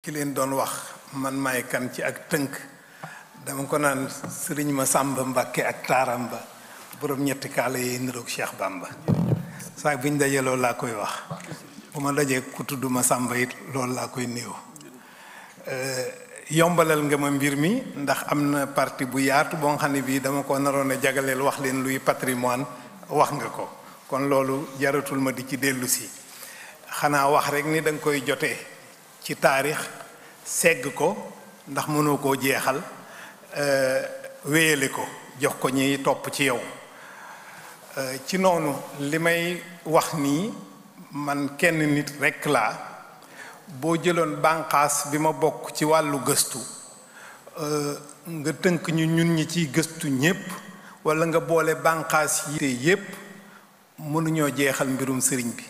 ki leen doon wax man maay kan ci ak tënk dama ko naan sëriñ ma sàmba mbakke ak taaram ba borom ñetti kaala yi niroog Cheikh Bamba saa biñ dajee loolu laa koy wax bu ma dajee ku tudd ma sàmba laa koy néew eh, yombalal nga ma mbir mi ndax am na parti bu yaatu boo xam ne bii dama ko naroon a jagaleel wax leen luy patrimoine wax nga ko kon loolu jaratul ma di ci dellusi xanaa wax rek ni danga koy jotee ci taarix segg ko ndax mënoo koo jeexal euh, wéyale ko jox ko ñiy topp ci yow euh, ci noonu li may wax nii man kenn nit rekk laa boo jëloon bànqaas bi ma bokk ci wàllu gëstu euh, nga tënk ñu ñun ñi ciy gëstu ñépp walla nga boole bànqaas yi te yépp mënuñoo jeexal mbirum sëriñ bi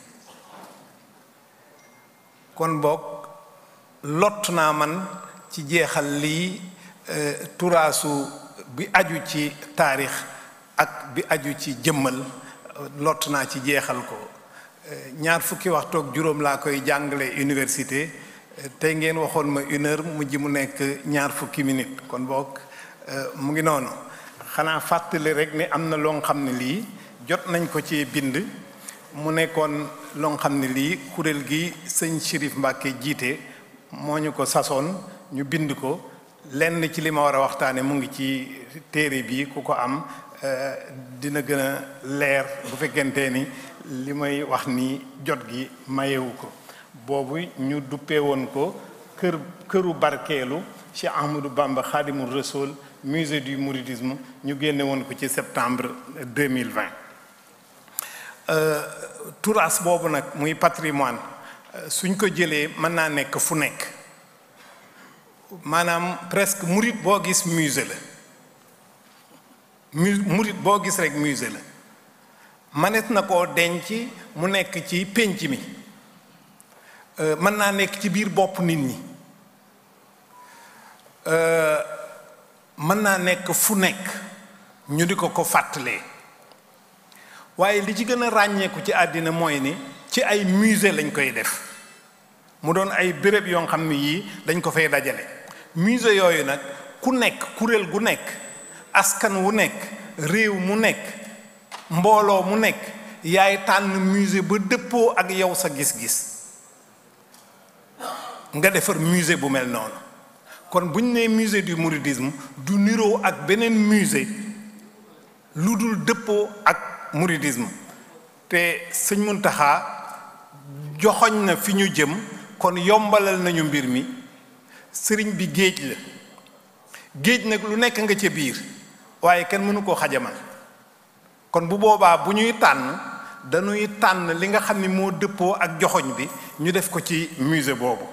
kon bokk lott naa man ci jeexal lii euh, turaasu bi aju ci taarix ak bi aju ci jëmmal euh, lott naa ci jeexal ko euh, ñaar fukki waxtu juróom laa koy jàngale université tey ngeen waxoon ma une heure mujj mu nekk ñaar fukki minute kon boog mu ngi noonu xanaa fàttali rek ni am na loo xam ne lii jot nañ ko ci bind mu nekkoon loo xam ne lii kuréel gi sëñ Chérif Mbàkke jiite moo ñu ko sasoon ñu bind ko lenn ci li ma war a waxtaane mu ngi ci téere bi ku ko am eh, dina gën a leer bu fekkente ni li may wax ni jot gi mayewu ko boobu ñu duppee woon ko kër këru barkeelu Cheikh Ahmadou Bamba Khadimou Rassoul musée du mouridisme ñu génne woon ko ci septembre 2020 eh, turas boobu nag muy patrimoine suñ ko jëlee mën naa nekk fu nekk maanaam presque murit boo gis musée la mu murit boo gis rek musée la manet na koo denc mu nekk ci pénc mi euh, mën naa nekk ci biir bopp nit ñi euh, mën naa nekk fu nekk ñu di ko ko fàttalee waaye li ci gën a ràññeeku ci àddina mooy ni ci ay musée lañ koy def mu doon ay béréb yoo xam ne yii dañ ko fay dajale musée yooyu nag ku nekk kuréel gu nekk askan wu nekk réew mu nekk mbooloo mu nekk yaay tànn musée ba dëppoo ak yow sa gis-gis nga defar musée bu mel noonu kon bu ñu nee musée du mouridisme du niroo ak beneen musée lu dul dëppoo ak mouridisme te sëñ Muntaxa joxoñ na fi ñu jëm kon yombalal nañu mbir mi sëriñ bi géej la géej nag lu nekk nga ca biir waaye kenn mënu koo xajamal kon bu boobaa bu ñuy tànn dañuy tànn li nga xam ni moo dëppoo ak joxoñ bi ñu def ko ci musée boobu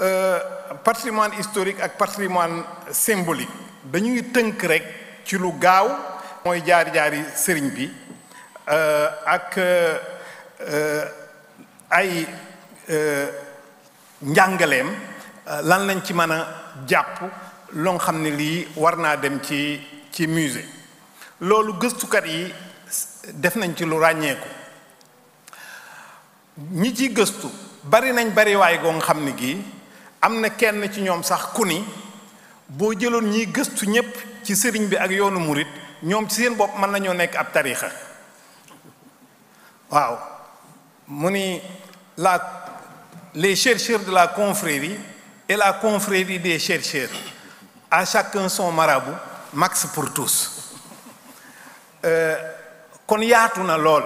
euh, patrimoine historique ak patrimoine symbolique dañuy tënk rek ci lu gaaw mooy jaar jaari sëriñ bi euh, ak euh, Euh, ay euh, njàngaleem euh, lan lañ ci mën a jàpp loo xam ne lii war naa dem ci ci musée loolu gëstukat yi def nañ ci lu ràññeeku ñi ci gëstu bari nañ bari waay goo xam ne gii am na kenn ci ñoom sax ku ni boo jëloon ñiy gëstu ñépp ci sëriñ bi ak yoonu murit ñoom ci seen bopp mën nañoo nekk ab tariixa waaw mu ni la les chercheurs de la confrérie et la confrérie des chercheurs à chacun son marabout max pour tous euh, kon yaatu na lool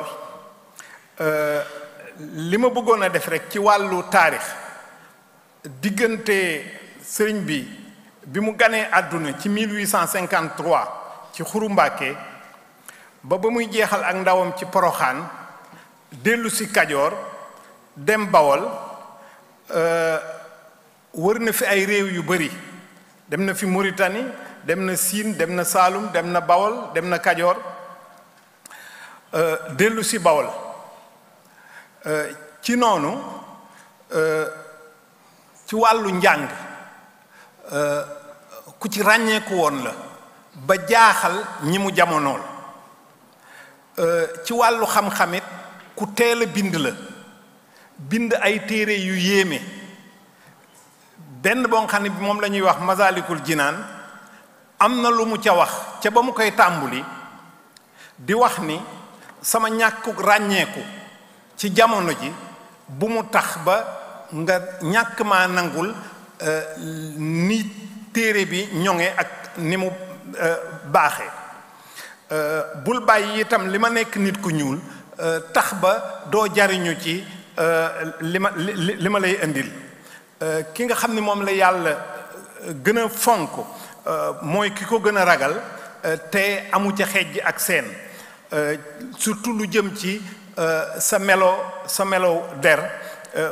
euh, li ma bëggoon a def rek ci wàllu taarix diggante sëriñ bi bi mu ganee àdduna ci 1853 ci Xuru Mbàkke ba ba muy jeexal ak ndawam ci Poroxaan dellu si kajoor dem bawol euh, wër na fi ay réew yu bari dem na fi muritani dem na Siin dem na Saalum dem na bawol dem na kajoor euh, dellu si bawol euh, ci noonu ci wàllu njàng ku ci ràññeeku woon la ba jaaxal ñi mu jamonool ci wàllu xam-xamit ku teel a bind la bind ay téere yu yéeme benn boo xam ne moom la ñuy wax masalikul jinaan am na lu mu ca wax ca ba mu koy tàmbuli di wax ni sama ñàkkuk ràññeeku ci jamono ji bu mu tax ba nga ñàkk maa nangul euh, ni téere bi ñoŋe ak ni mu euh, baaxee euh, bul bàyyi itam li ma nekk nit ku ñuul Euh, tax ba doo jariñu ci euh, li ma li ma lay indil euh, ki nga xam ni moom la yàlla gën a fonk mooy ki ko gën a ragal te amu ca xejj ak seen surtout lu jëm ci sa melo sa melo der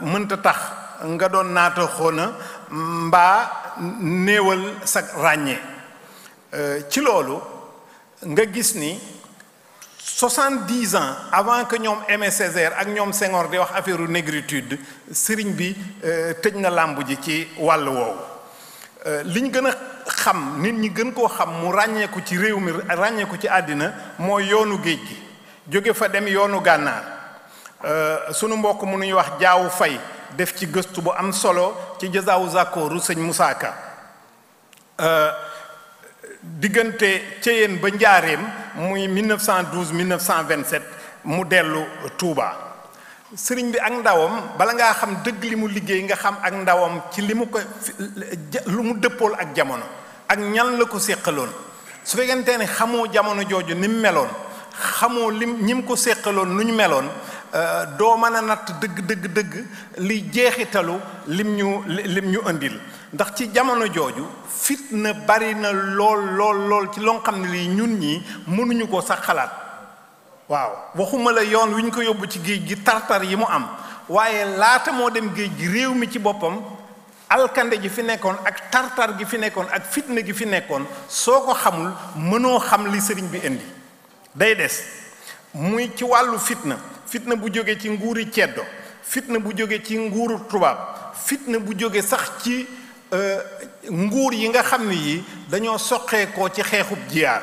mënta tax nga doon naata xoona mbaa néewal sa ràññee ci loolu nga gis ni soixante-dix ans avant que ñoom Aimé ak ñoom sengoor di wax affaire négritude sëriñ bi euh, tëj na làmb ji ci wàll woowu euh, liñ ñu gën a xam nit ñi gën koo xam mu ràññeeku ci réew mi ràññeeku ci àddina moo yoonu géej gi jóge fa dem yoonu gànnaar euh, sunu mbokk mu nuy wax jaawu fay def ci gëstu bu am solo ci jazaawu zakooru sëñ Moussa Ka diggante Ceyeen ba Njaareem muy 1912 1927 mu dellu Touba. sëriñ bi ak ndawam bala ngaa xam dëgg li mu liggéey nga xam ak ndawam ci li mu ko lu mu dëppool ak jamono ak ñan la ko séqaloon su fekkente ne xamoo jamono jooju ni mu meloon xamoo lim ñi mu ko séqaloon nu ñu meloon euh, doo mën a natt dëgg dëgg dëgg li jeexitalu lim ñu lim ñu indil ndax ci jamono jooju fitna bari na lool lool lool ci loo xam ne lii ñun ñii mënuñu ko sax xalaat waaw waxuma la yoon wi ñu ko yóbbu ci géej gi tartar yi mu am waaye laata moo dem géej gi réew mi ci boppam alkande gi fi nekkoon ak tartar gi fi nekkoon ak fitna gi fi nekkoon soo ko xamul mënoo xam li sëriñ bi indi day des muy ci wàllu fitna fitna bu jóge ci nguuri ceddo fitna bu jóge ci nguuru tubaab fitna bu jóge sax ci Euh, nguur yi nga xam ne yi dañoo soqeekoo ci xeexub jiyaar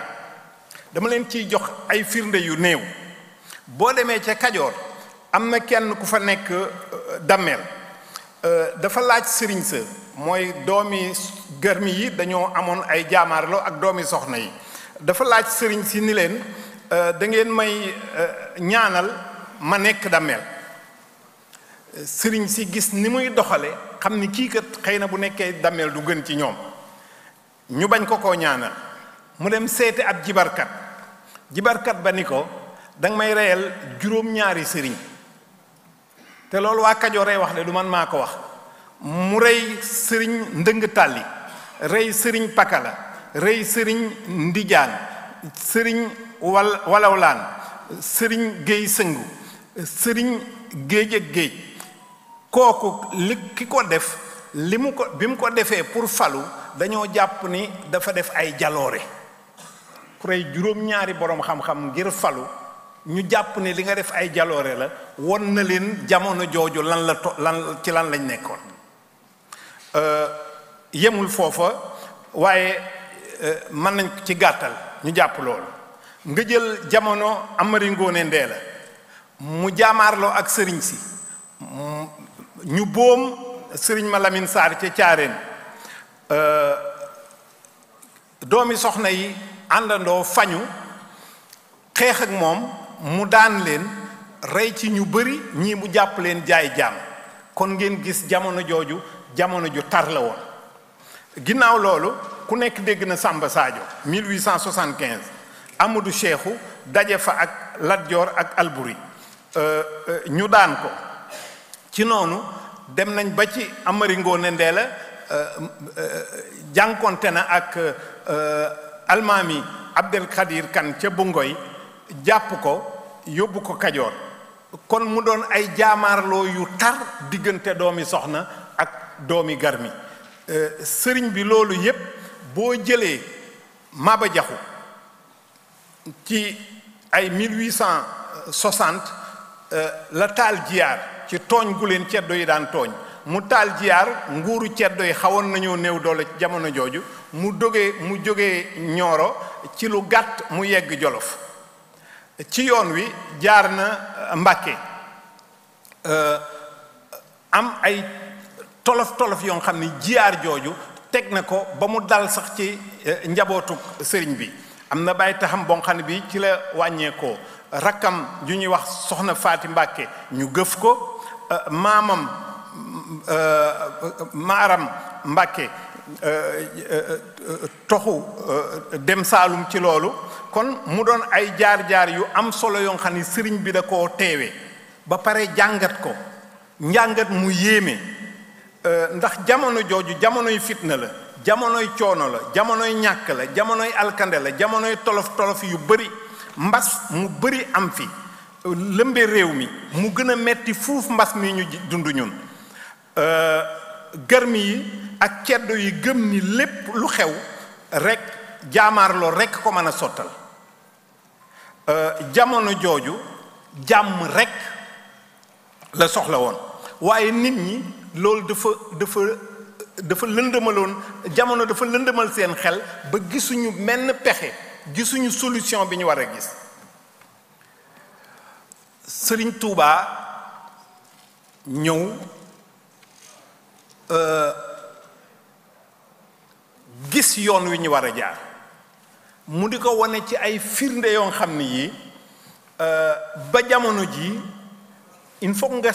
dama leen ciy jox ay firnde yu néew boo demee ca Kajoor am na kenn ku fa nekk euh, dammeel euh, dafa laaj sëriñ mooy doomi garmi yi dañoo amoon ay jaamaarloo ak doomi soxna yi dafa laaj sëriñ si ni leen da ngeen may ñaanal ma nekk dammeel sëriñ si gis ni muy doxale xam ni kii kat xëy na bu nekkee dammeel du gën ci ñoom ñu bañ ko koo ñaanal mu dem seete ab jibarkat jibarkat ba ni ko danga may reyal juróom-ñaari sëriñ te loolu waa Kajooree wax de du man maa ko wax mu rey sëriñ ndëng tàlli rey sëriñ pakala rey sëriñ ndijaan sëriñ wal walawlaan sëriñ géey sëngu sëriñ géej géej kooku li ki ko def li mu ko bi mu ko defee pour falu dañoo jàpp ni dafa def ay jaloore pour ay juróom-ñaari boroom xam-xam ngir falu ñu jàpp ni li nga def ay jaloore la won na leen jamono jooju lan la to lan ci lan lañ nekkoon euh, yemul foofa waaye euh, mën nañ ci gàttal ñu jàpp loolu nga jël jamono Amari Ngoone Ndeela mu jaamaarloo ak sëriñ si ñu boom sëriñ ma Lamine Sarr ca caareen euh, doomi soxna yi àndandoo fañu xeex ak moom mu daan leen rey ci ñu bari ñii mu jàpp leen jaay jaam kon ngeen gis jamono jooju jamono ju tar la woon ginnaaw loolu ku nekk dégg na Samba Sadio 1875 Amadou Cheikhou daje fa ak Lat ak Alburi euh, euh, ñu daan ko ci noonu dem nañ ba ci Amari Ngoone Ndeela euh, euh, jànkonte na ak euh, almaami Abdel Khadir Kan ca ngoy jàpp ko yóbbu ko Kajoor kon mu doon ay jaamaarloo yu tar diggante doomi soxna ak doomi garmi sëriñ bi loolu yépp boo jëlee Maba Jaxu ci ay 1860 la taal jiyaar ci tooñ gu leen ceddo yi daan tooñ mu taal jiyaar nguuru ceddo yi xawoon nañoo néew doole ci jamono jooju mu dogee mu jógee ñooro ci lu gàtt mu yegg jolof ci yoon wi jaar na euh, Mbàkke euh, am ay tolof tolof yoo xam ni jiyaar jooju teg na ko ba mu dal sax ci euh, njabootu sëriñ bi am na bàyyi taxam boo xam ne bi ci la wàññeekoo rakkam ju ñuy wax soxna Faati Mbàkke ñu gëf ko maamam maaram Mbàkke eh, eh, toxu eh, dem Saalum ci loolu kon mu doon ay jaar-jaar yu am solo yoo xam ne sëriñ bi da koo teewe ba pare jàngat ko njàngat mu yéeme ndax jamono jooju jamonoy fitna la jamonoy coono la jamonoy ñàkk la jamonoy alkande la jamonoy tolof tolof yu bëri mbas mu bari am fi lëmbee réew mi mu gën a metti fuuf mbas mi ñu dund ñun euh, gërmi yi ak ceddo yi gëm ni lépp lu xew rek jaamaarloo rek ko mën a sottal euh, jamono jooju jàmm rek la soxla woon waaye nit ñi loolu dafa dafa dafa lëndëmaloon jamono dafa lëndëmal seen xel ba gisuñu menn pexe gisuñu solution bi ñu war a gis sëriñ tuubaa ñëw euh, gis yoon wi ñu war a jaar mu di ko wane ci ay firnde yoo xam ne yi euh, ba jamono ji il faut nga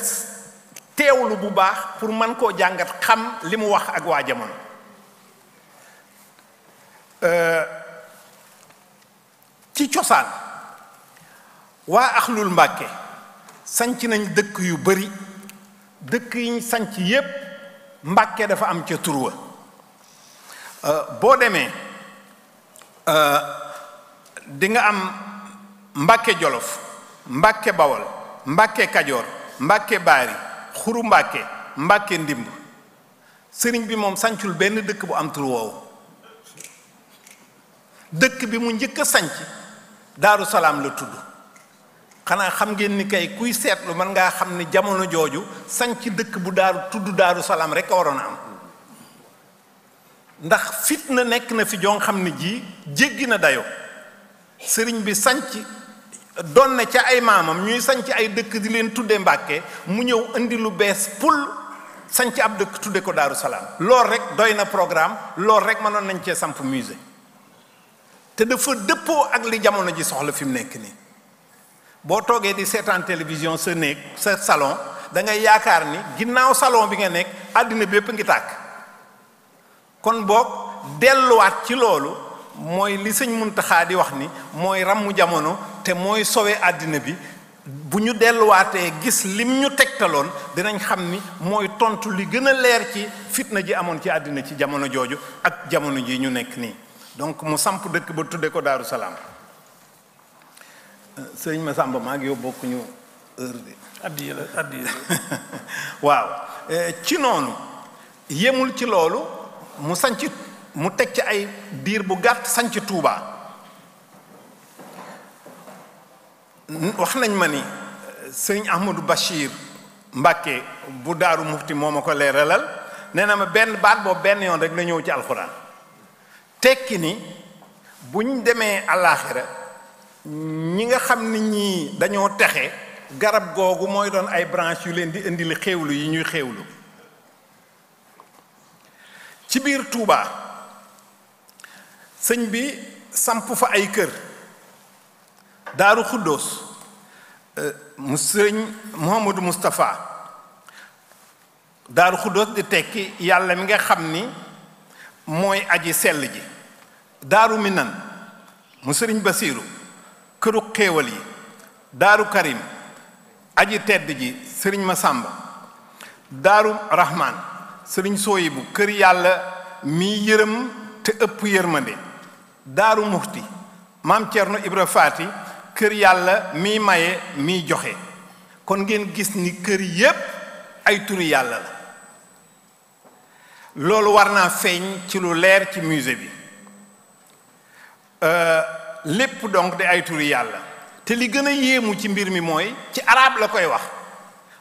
teewlu bu baax pour man koo jàngat xam li mu wax ak waa jamono euh, ci cosaan waa axlul mbàkke sanc nañ dëkk yu bari dëkk yiñ sanc yépp mbàkke dafa am ca turwa euh, boo demee euh, dinga am mbàkke jolof mbàkke bawol mbàkke kajoor mbàkke baari xuru mbàkke mbàkke ndimb sëriñ bi moom sancul benn dëkk bu am tur dëkk bi mu njëkk a sanc daaru salaam la tudd xanaa xam ngeen ni kay kuy seetlu mën ngaa xam ni jamono jooju sanc dëkk bu daaru tudd daaru salaam rek waroon a am ndax fitna nekk na fi jong xam ne jii jéggi na dayo sëriñ bi sanc doon na ca ay maamam ñuy sanc ay dëkk di leen tudde mbàkke mu ñëw indi lu bees pul sanc ab dëkk tudde ko daaru salaam lool rek doy na programme lool rek mënoon nañ cee samp musée te dafa dëppoo ak li jamono ji soxla fi mu nekk nii boo toogee di seetaan télévision sa néeg sa salon da ngay yaakaar ni ginnaaw salon bi nga nekk àddina bépp ngi tàkk kon boog delluwaat ci loolu mooy li sëñ Muntaxa di wax ni mooy ràmmu jamono te mooy soowee àddina bi bu ñu delluwaatee gis lim ñu tegtaloon dinañ xam ni mooy tontu li gën a leer ci fitna ji amoon ci àddina ci jamono jooju ak jamono ji ñu nekk nii donc mu samp dëkk ba tuddee ko Daaru Salaam sëñ Massamba maa ngi yow bokkuñu heure bi addiya la addiya waaw eh, ci noonu yemul ci loolu mu sanc mu teg ci ay biir bu gàtt sanc Tuubaa wax nañ ma ni eh, sëñ Ahmadou Bachir Mbàkke bu daaru mufti moo ma ko leeralal nee na ma benn baat boobu benn yoon rek la ñëw ci alxuraan tekki ni buñ demee àllaaxira ñi nga xam ni ñii dañoo texe garab googu mooy doon ay branche yu leen di indil xéewlu yi ñuy xéewlu ci biir Tuuba sëñ bi samp fa ay kër Daaru Xuddoos euh, mu sëñ Mouhamadou Moustapha Daaru Xuddoos di tekki yàlla mi nga xam ni mooy aji sell ji Daaru Minan mu sëriñ Basiiru këru xéewal yi daaru karim aji tedd ji sëriñ Masamba daaru rahman sëriñ bu kër yàlla mi yërëm te ëpp yërmande daaru muxti maam Cerno Ibra Faati kër yàlla miy maye miy joxe kon ngeen gis ni kër yépp ay turu yàlla la loolu war naa feeñ ci lu leer ci musée bi euh, lépp donc di ay turi yàlla te li gën a yéemu ci mbir mi mooy ci arab la koy wax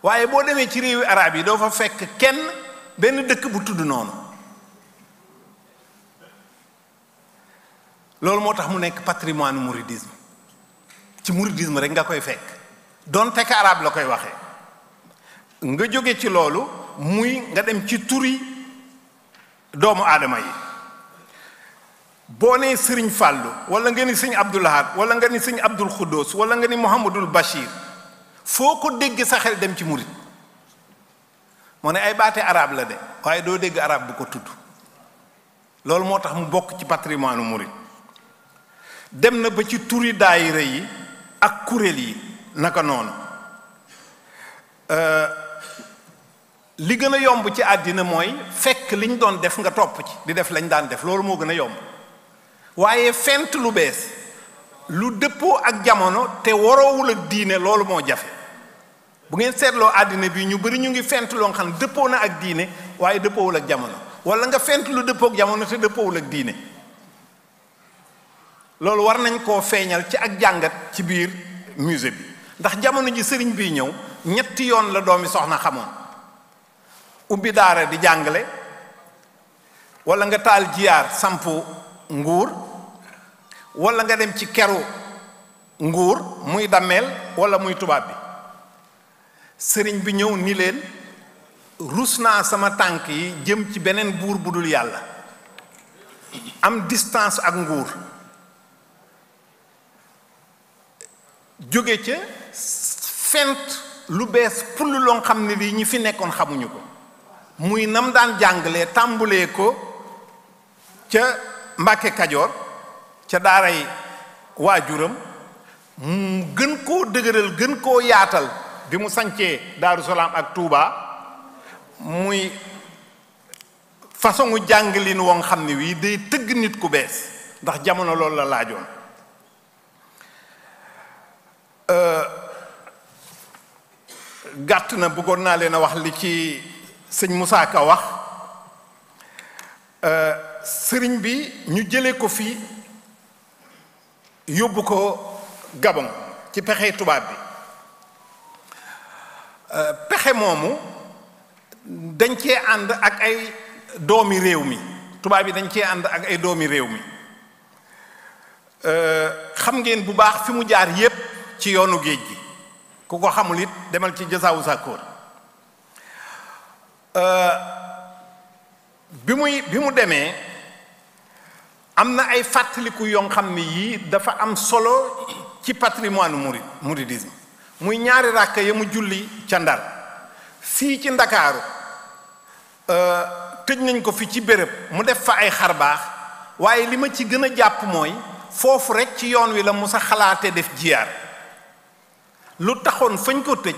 waaye boo demee ci réewi araab yi doo fa fekk kenn benn dëkk bu tudd noonu loolu moo tax mu nekk patrimoine mouridisme ci mouridisme rek nga koy fekk donte ka arab la koy waxee nga jóge ci loolu muy nga dem ci turi doomu aadama yi boo nee sëriñ fàllu wala nga ni sëñ abdulahaat wala nga ni sëñ abdul xuddoos wala nga ni mouhamadul bachir foo ko dégg sa xel dem ci murit moo ne ay baate arab la de waaye doo dégg arab bu ko tudd loolu moo tax mu bokk ci patrimoine murit dem na ba ci turi daayira yi ak kuréel yi naka noonu euh, li gën a yomb ci àddina mooy fekk liñ doon def nga topp ci di def lañ daan def loolu moo gën a yomb waaye fent lu bees lu dëppoo ak jamono te waroowul ak diine loolu moo jafe bu ngeen seetloo àddina bi ñu bari ñu ngi fent loo xam ne dëppoo na ak diine waaye dëppoowul ak jamono wala nga fent lu dëppoo ak jamono te dëppoowul ak diine loolu war nañ koo feeñal ci ak jàngat ci biir musée bi ndax jamono ji sëriñ bii ñëw ñetti yoon la doomi soxna xamoon ubbi daara di jàngale wala nga taal jiyaar sampu nguur wala nga dem ci keru nguur muy dammeel wala muy tubaab bi sëriñ bi ñëw ni leen rus naa sama tànk yi jëm ci beneen buur bu dul yàlla am distance ak nguur jóge ca fent lu bees pul loo xam ne lii ñi fi nekkoon xamuñu ko muy nam daan jàngale tàmbulee ko ca Mbàkke Kajoor ca daaray waajuram mu gën koo dëgëral gën koo yaatal bi mu sancee Daaru Salaam ak Tuuba muy façon jànglin woon xam ne wii day tëgg nit ku bees ndax jamono loolu la laajoon euh, gàtt na bëggoon naa leen a wax li ci sëñ Moussa Ka wax euh, sëriñ bi ñu jëlee ko fii yóbbu ko Gabon ci pexe tubaab bi euh, pexe moomu dañ cee ànd ak ay doomi réew mi tubaab yi dañ cee ànd ak ay doomi réew mi euh, xam ngeen bu baax fi mu jaar yépp ci yoonu géej gi ku ko xamul it demal ci jasaawu sàkkoor euh, bi muy bi mu demee am na ay fàttaliku yoo xam ne yii dafa am solo ci patrimoine murid muridisme muy ñaari ràkk ya mu julli ca ndar fii ci ndakaaru euh, tëj nañ ko fi ci bërëb mu def fa ay xar baax waaye li ma ci gën a jàpp mooy foofu rek ci yoon wi la mu sa xalaate def jiyaar lu taxoon fañ ko tëj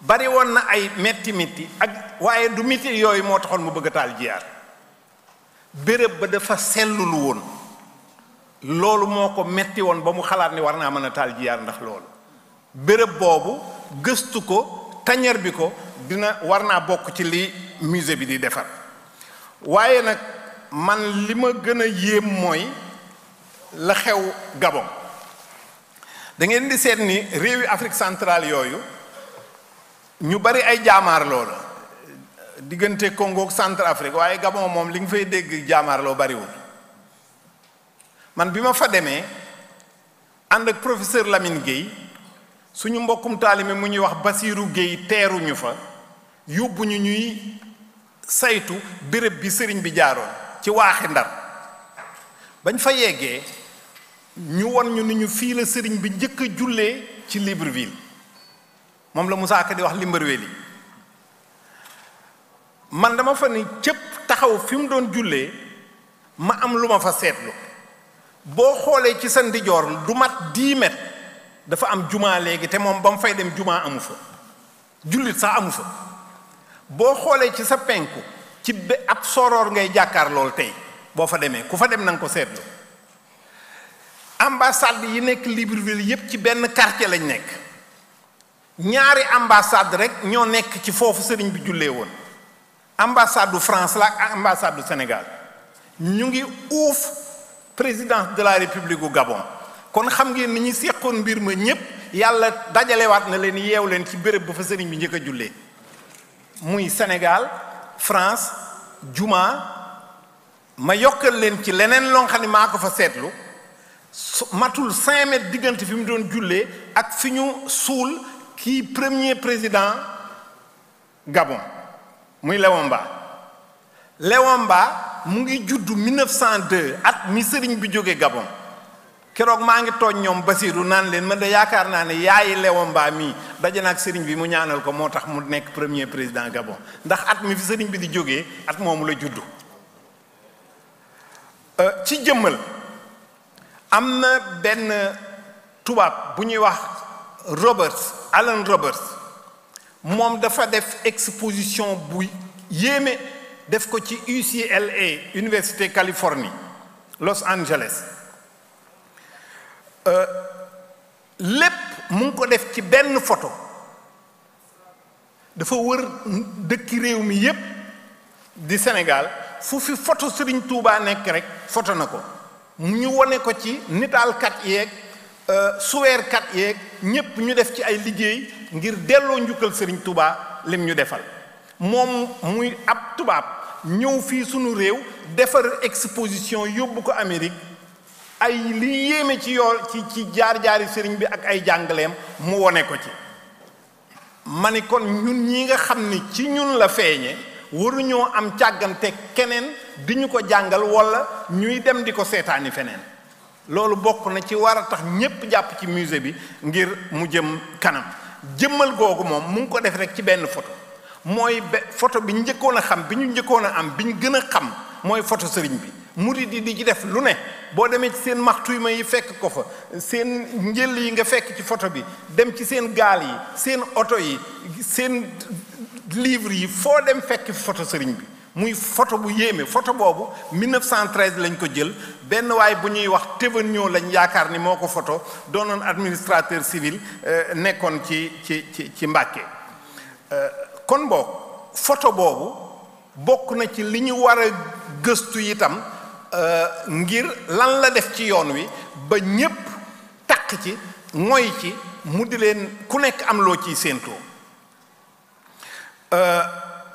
bari woon na ay metti metti ak waaye du metti yooyu moo taxoon mu bëgg a taal jiyaar béréb ba dafa sellul woon loolu moo ko metti woon ba mu xalaat ni war naa mën a taal jiyaar ndax loolu bërëb boobu gëstu ko tañeer bi ko dina war naa bokk ci li musée bi di defar waaye nag man li ma gën a yéem mooy la xew Gabon da ngeen di seet ni réewi Afrique centrale yooyu ñu bari ay jaamaar loola diggante Congo ak Centrafrique waaye Gabon moom li nga fay dégg jaamaarloo bariwul man bi ma fa demee ànd ak professeur Lamine Guèye suñu mbokkum taalime mu ñuy wax Basiiru Guèye teeruñu fa yóbbuñu ñuy saytu béréb bi sëriñ bi jaaroon ci waaxi ndar bañ fa yeggee ñu won ñu ni ñu fii la sëriñ bi njëkk a jullee ci Libreville moom la musaaka Ka di wax Limberwelli man dama fa ni cëpp taxaw fi mu doon jullee ma am lu ma fa seetlu boo xoolee ci sa ndijoor du mat 10 dafa am jumaa léegi te moom ba mu fay dem jumaa amu fa jullit sax amu fa boo xoolee ci sa penku ci be ab soroor ngay jàkkaar lool tey boo fa demee ku fa dem na nga ko seetlu ambassade yi nekk Libreville yépp ci benn quartier lañu nekk ñaari ambassade rek ñoo nekk ci foofu sëriñ bi jullee woon ambassade du France la ak ambassade du Sénégal ñu ngi uuf présidence de la république Gabon kon xam ngeen ni ñu seqoon mbir ma ñépp yàlla dajalewaat na leen yeew leen ci béréb ba fa sëriñ bi njëkk jullee muy Sénégal France juma ma yokkal leen ci leneen loo xam ne maa ko fa seetlu matul cinq mètres diggante fi mu doon jullee ak fi ñu suul kii premier président Gabon muy Léon Mba Léon Mba mu ngi juddu 1902 at mi sëriñ bi jóge Gabon keroog maa ngi tooñ ñoom Basiru naan leen man de yaakaar naa ne yaayi Léon Mba mii daje na sëriñ bi mu ñaanal ko moo tax mu nekk premier président Gabon ndax at mi fi sëriñ bi di jóge at moomu la juddu euh, ci jëmmal am na benn tubaab bu ñuy wax Roberts Allen Roberts moom dafa def exposition bu yéeme def ko ci UCLA Université Californie Los Angeles euh, lépp mu ngi ko def ci benn photo dafa wër dëkki réew mi yépp di Sénégal fu fi photo Serigne Touba nekk rek photo na ko ñu wone ko ci nitaalkat yeeg euh, suweerkat yeeg ñépp ñu def ci ay liggéey ngir delloo njukkal sëriñ Touba lim ñu defal moom muy ab tubaab ñëw fii sunu réew defar exposition yóbbu ko Amérique ay li yéeme ci yool ci ci jaar-jaari sëriñ bi ak ay jàngaleem mu wone ko ci ma ni kon ñun ñi nga xam ni ci ñun la feeñe waruñoo am càggante keneen di ñu ko jàngal walla ñuy dem di ko seetaani feneen loolu bokk na ci war a tax ñépp jàpp ci musée bi ngir mu jëm kanam jëmmal googu moom mu ngi ko def rek ci benn photo mooy be photo bi njëkkoon a xam bi ñu njëkkoon a am bi ñu gën a xam mooy photo sëriñ bi murid yi di ci def lu ne boo demee ci seen ma yi fekk ko fa seen njël yi nga fekk ci photo bi dem ci seen gaal yi seen oto yi seen livre yi foo dem fekk photo sëriñ bi muy photo bu yéeme photo boobu 1913 lañ ko jël benn waay bu ñuy wax Thévenot lañ yaakaar ni moo ko photo doonoon administrateur civil euh, nekkoon ci ci ci ci Mbàkke euh, kon boog photo boobu bokk na ci li ñu war a gëstu itam euh, ngir lan la def ci yoon wi ba ñépp takk ci mooy ci mu di leen ku nekk am loo ciy séentoo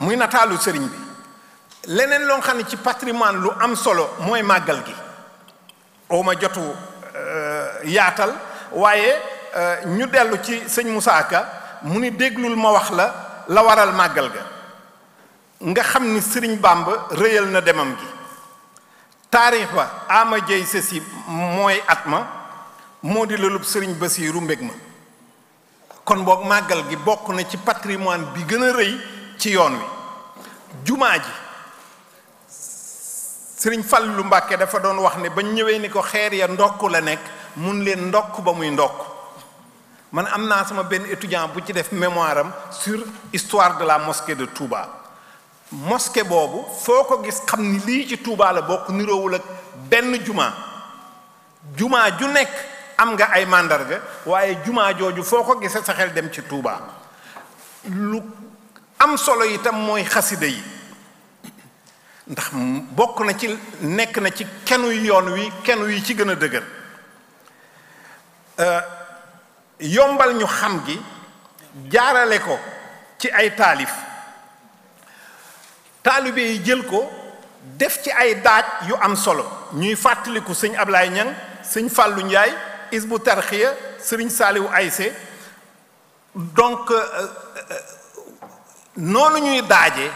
muy nataalu sëriñ bi leneen loo xam ne ci patrimoine lu am solo mooy màggal gi oo jotu euh, yaatal waaye euh, ñu dellu ci sëñ Moussa Ka mu ni déglul ma wax la la waral màggal ga nga xam ni sëriñ Bamba rëyal na demam gi taarix ba ama jëy sësi mooy at ma moo di lolub sëriñ Basiiru mbég ma kon boog màggal gi bokk na ci patrimoine bi gën a rëy ci yoon wi jumaa ji sëriñ lu Mbàkke dafa doon wax ne bañ ñëwee ni ko xeer ya ndokk la nekk mun leen ndokk ba muy ndokk man am naa sama benn étudiant bu ci def mémoire am sur histoire de la mosquée de Touba mosquée boobu foo ko gis xam ni lii ci Touba la bokk niroowul ak benn juma jumaa ju nekk am nga ay màndarga waaye jumaa jooju foo ko gisee sa xel dem ci Touba lu am solo itam mooy xasida yi ndax bokk na ci nekk na ci kenu yoon wi kenu yi ci gën a dëgër euh, yombal ñu xam gi jaarale ko ci ay taalif taalibe yi jël ko def ci ay daaj yu am solo ñuy fàttaliku sëñ Ablaye Ñang sëñ Fàllu Njaay Isbu Tarxiya sëriñ Saaliwu Ayse donc euh, euh, noonu ñuy daaje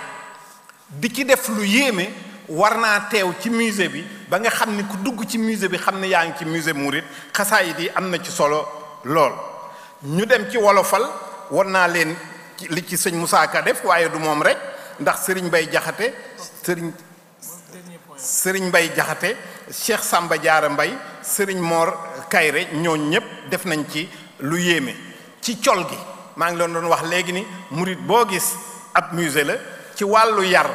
di ci def lu yéeme war naa teew ci musée bi ba nga xam ni ku dugg ci musée bi xam ne yaa ngi ci musée murit xasaayid yi am na ci solo lool ñu dem ci wolofal won naa leen li ci sëñ Moussa Ka def waaye du moom rek ndax Serigne Bay Jaxate Serigne Serigne Bay Jaxate Cheikh Samba Diarra Mbay Serigne Mor Kayre ñooñ ñëpp def nañ ci lu yéeme ci col gi maa ngi leen doon wax léegi ni murit boo gis ab musée la ci wàllu yar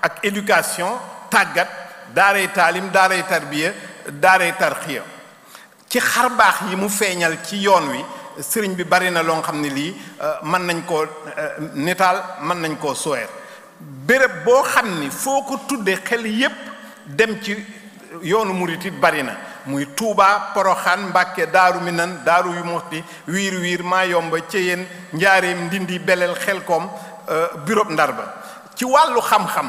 ak éducation tàggat daaray taalim daaray tarbiya daaray tarxiya ci xarbaax yi mu feeñal ci yoon wi sëriñ bi bari na loo xam ne lii euh, mën nañ koo euh, nitaal mën nañ koo soweer bërëb boo xam ni foo ko tuddee xel yépp dem ci yoonu murit it bari na muy tuuba Poroxaan Mbàkke Daaru Minan Daaru yu Muxti wiir wiir maa yomba Ceyeen Njaareem Ndindi Beleel Xelkom euh, bureau Ndar ba ci wàllu xam-xam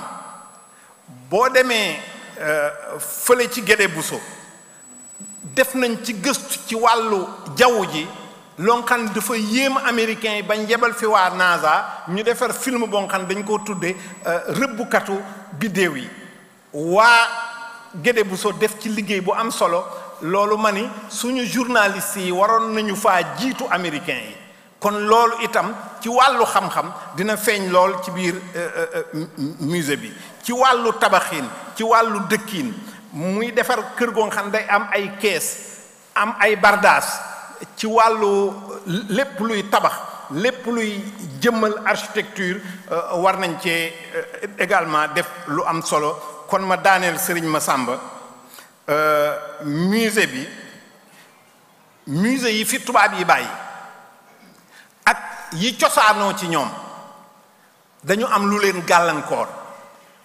boo demee euh, fële ci Guédé Bousso def nañ ci gëstu ci wàllu jaww ji loo dafa yéem américains yi bañ yebal fi waa NASA ñu defar film boo xam dañ ko tudde euh, rëbbukatu biddéew yi waa Guédé Bousso def ci liggéey bu am solo loolu ma ni suñu journalistes yi waroon nañu faa jiitu américains yi kon loolu itam ci wàllu xam-xam dina feeñ lool ci biir euh, euh, euh, musée bi ci wàllu tabaxin ci wàllu dëkkiin muy defar kër goo xam day am ay kees am ay bardaas ci wàllu lépp luy tabax lépp luy jëmmal architecture war nañ cee également def lu am solo kon ma daaneel Serigne Massamba musée bi musée yi fi tubaab yi bàyyi yi cosaanoo ci ñoom dañu am lu leen gàllankoor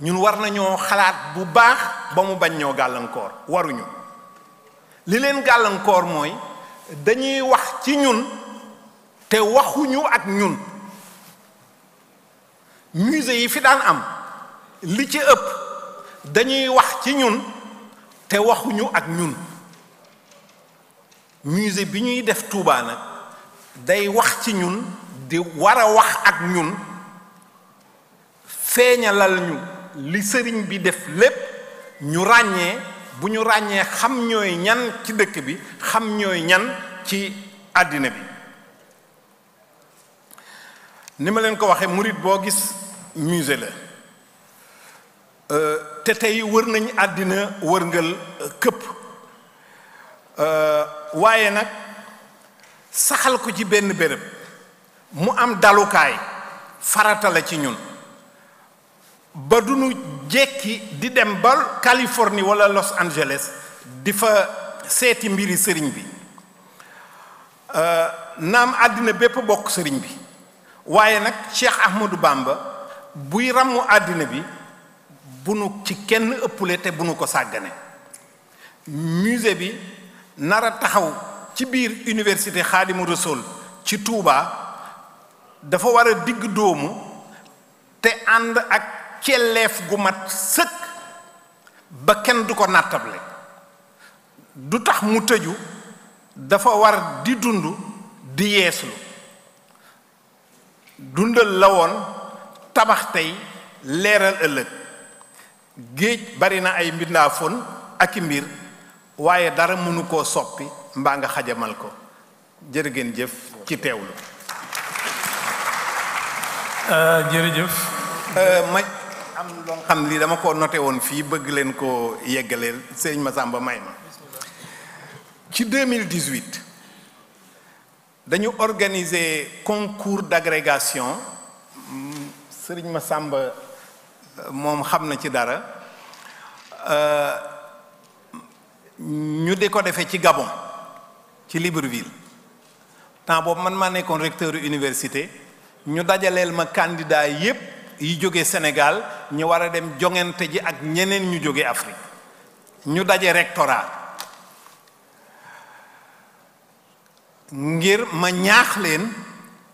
ñun war nañoo xalaat bu baax ba mu bañ ñoo gàllankoor waruñu li leen gàllankoor mooy dañuy wax ci ñun te waxuñu ak ñun musée yi fi daan am li ci ëpp dañuy wax ci ñun te waxuñu ak ñun musée bi ñuy def Touba nag day wax ci ñun di war a wax ak ñun feeñalal ñu li sëriñ bi def lépp ñu ràññee bu ñu ràññee xam ñooy ñan ci dëkk bi xam ñooy ñan ci àddina bi ni ma leen ko waxee murit boo gis musée la euh, te tey wër nañ àddina wërngal këpp euh, waaye nag saxal ko ci benn béréb mu am dalukaay farata ci ñun ba du nu jekki di dem ba Californie wala Los Angeles di fa seeti mbiri sëriñ bi euh, naam àddina bépp bokk sëriñ bi waaye nag Cheikh Ahmadou Bamba buy ràmmu àddina bi bu nu ci kenn ëppule te bu nu ko sàggane musée bi nar a taxaw ci biir université Xaadimu Rasuul ci Touba. dafa war a digg dóomu te ànd ak celleef gu mat sëkk ba kenn du ko nattable du tax mu tëju dafa war di dund di yeeslu dundal la woon tabax tey leeral ëllëg géej bari na ay mbindaafon ak i mbir waaye dara mënu koo soppi mbaa nga xajamal ko jërë jëf ci teewlu Euh, jërëjëf. Euh, ma am loo lii dama ko note woon fii bëgg leen ko yeggaleel sëñ sàmba may ma ci 2018 dañu organiser concours d'agrégation sëriñ ma sàmba moom xam na ci dara euh, ñu di ko defee ci Gabon ci Libreville temps boobu man maa nekkoon recteur université. ñu dajaleel ma candidat yépp yi jóge Sénégal ñu war a dem joŋante ji ak ñeneen ñu jóge Afrique ñu daje rectorat ngir ma ñaax leen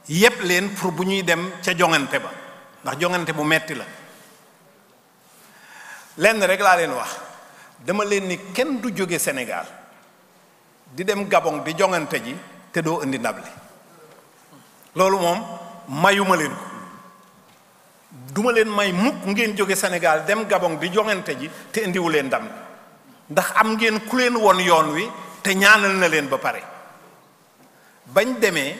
yépp leen pour bu ñuy dem ca joŋante ba ndax joŋante bu metti la lenn rekk laa leen wax dama leen ni kenn du jóge Sénégal di dem Gabon di joŋante ji te doo indi ndab li loolu moom mayuma leen ko duma leen may mukk ngeen jóge Sénégal dem Gabon bi joŋante ji te indiwu leen ndam ndax am ngeen ku leen won yoon wi te ñaanal na leen ba pare bañ demee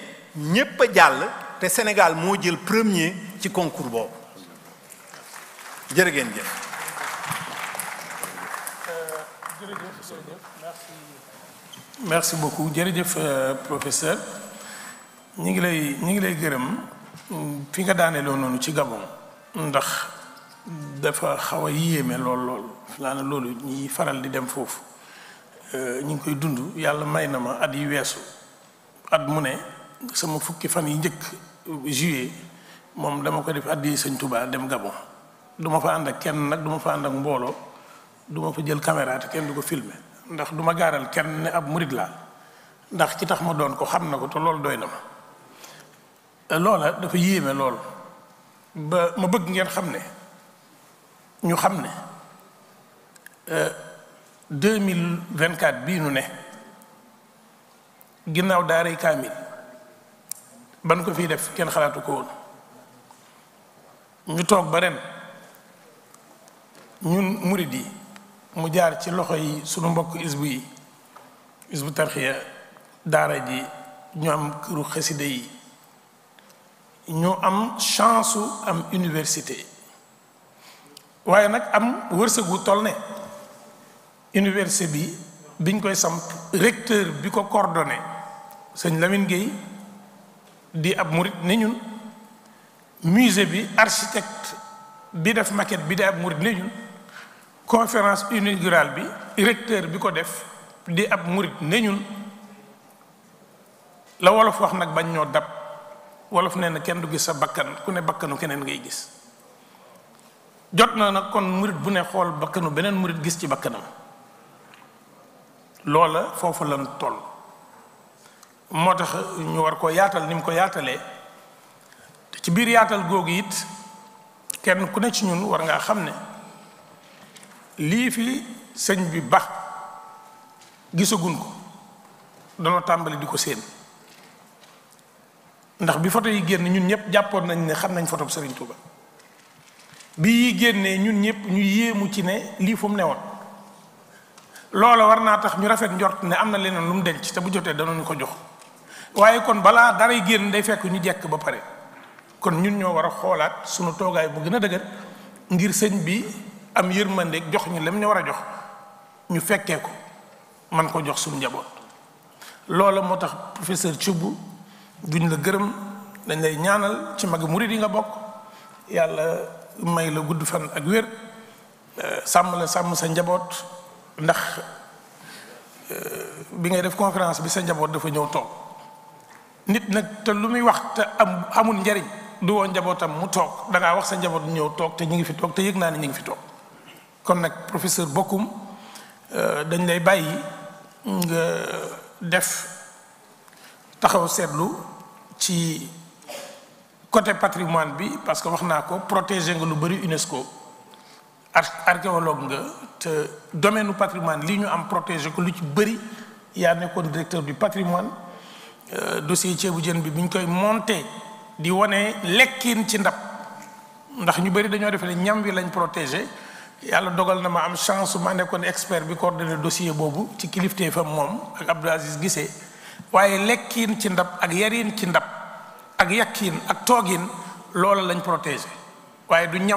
ñépp a jàll te Sénégal moo jël premier ci concours boobu jërë ngeen jëf jërëjëf merci beaucoup jërëjëf euh, professeur ñu ngi lay ñu ngi lay gërëm fi nga daanee daaneeloo noonu ci Gabon ndax dafa xaw a yéeme lool lool ne loolu ñuy faral di dem foofu euh, ñu ngi koy dund yàlla may na ma at yi weesu at mu ne sama fukki fan yi njëkk juillet moom dama ko def addi sëñ Touba dem Gabon du ma fa ànd ak kenn nag du ma fa ànd ak mbooloo du ma fa jël caméra te kenn du ko filmer ndax du ma gaaral kenn ne ab murit laa ndax ci tax ma doon ko xam na ko te loolu doy na ma loola dafa yéeme lool ba ma bëgg ngeen xam ne ñu xam ne euh, vingt 2024 bii nu ne ginnaaw daaray kaamil ban ko fii def kenn xalaatu ko woon ñu toog ba ren ñun murid yi mu jaar ci loxo yi sunu mbokk isbu yi isbu tarxiya daara ji ñu am këru xasida yi ñoo am chance su am université waaye nag am wërsëgu toll ne université bi biñ koy samp recteur bi ko cordonné sëñ Lamine Gueye di ab murit ne ñun musée bi architecte bi def maquette bi di ab murit ne ñun conférence inaugurale bi recteur bi ko def di ab murit ne ñun la wolof wax nag bañ ñoo dab wolof nee na kenn du gis sa bakkan ku ne bakkanu keneen ngay gis jot na nag kon murit bu ne xool bakkanu beneen murit gis ci bakkanam loola foofu lan toll moo tax ñu war ko yaatal ni mu ko yaatalee te ci biir yaatal googu it kenn ku ne ci ñun war ngaa xam ne lii fi sëñ bi ba gisagun ko danoo tàmbali di ko séen ndax bi photo yi génn ñun ñëpp jàppoon nañ ne xam nañ foto bu Serigne Touba bi yi génnee ñun ñëpp ñu yéemu ci ne lii fu ne woon loolo war naa tax ñu rafet njort ne am na leneen lu mu denc te bu jotee ñu ko jox waaye kon balaa daray génn day fekk ñu jekk ba pare kon ñun ñoo war a xoolaat sunu toogaay bu gën a dëgër ngir sëñ bi am yërmandeeg jox ñu lem ñu war a jox ñu fekkee ko man ko jox suñu njaboot loola moo tax professeur Thioub duñ la gërëm dañ lay ñaanal ci mag murid yi nga bokk yàlla may la gudd fan ak wér euh, sàmm la sàmm sa njaboot ndax euh, bi ngay def conférence bi sa njaboot dafa ñëw toog nit nag te lu muy wax te am amul njariñ du woo njabootam mu toog da wax sa njaboot ñëw toog te ñu ngi fi toog te yëg naa ne ñu ngi fi toog kon nag professeur Bocoum euh, dañ lay bàyyi nga def taxaw seetlu ci côté patrimoine bi parce que wax naa ko protéger nga lu bari UNESCO ar archéologue nga te domaine nu patrimoine li ñu am protéger ko lu ci bëri yaa nekkoon directeur du patrimoine euh, dossier ceebu jën bi bi ñu koy monter di wane lekkin ci ndab ndax ñu bari dañoo defe ne ñam wi lañ protéger yàlla dogal na ma am chance ma nekkoon expert bi coordonné dossier boobu ci fa moom ak Abdou Aziz Guissé waaye lekkiin ci ndab ak yariin ci ndab ak yakkiin ak toogin loola lañ protégé waaye du ñam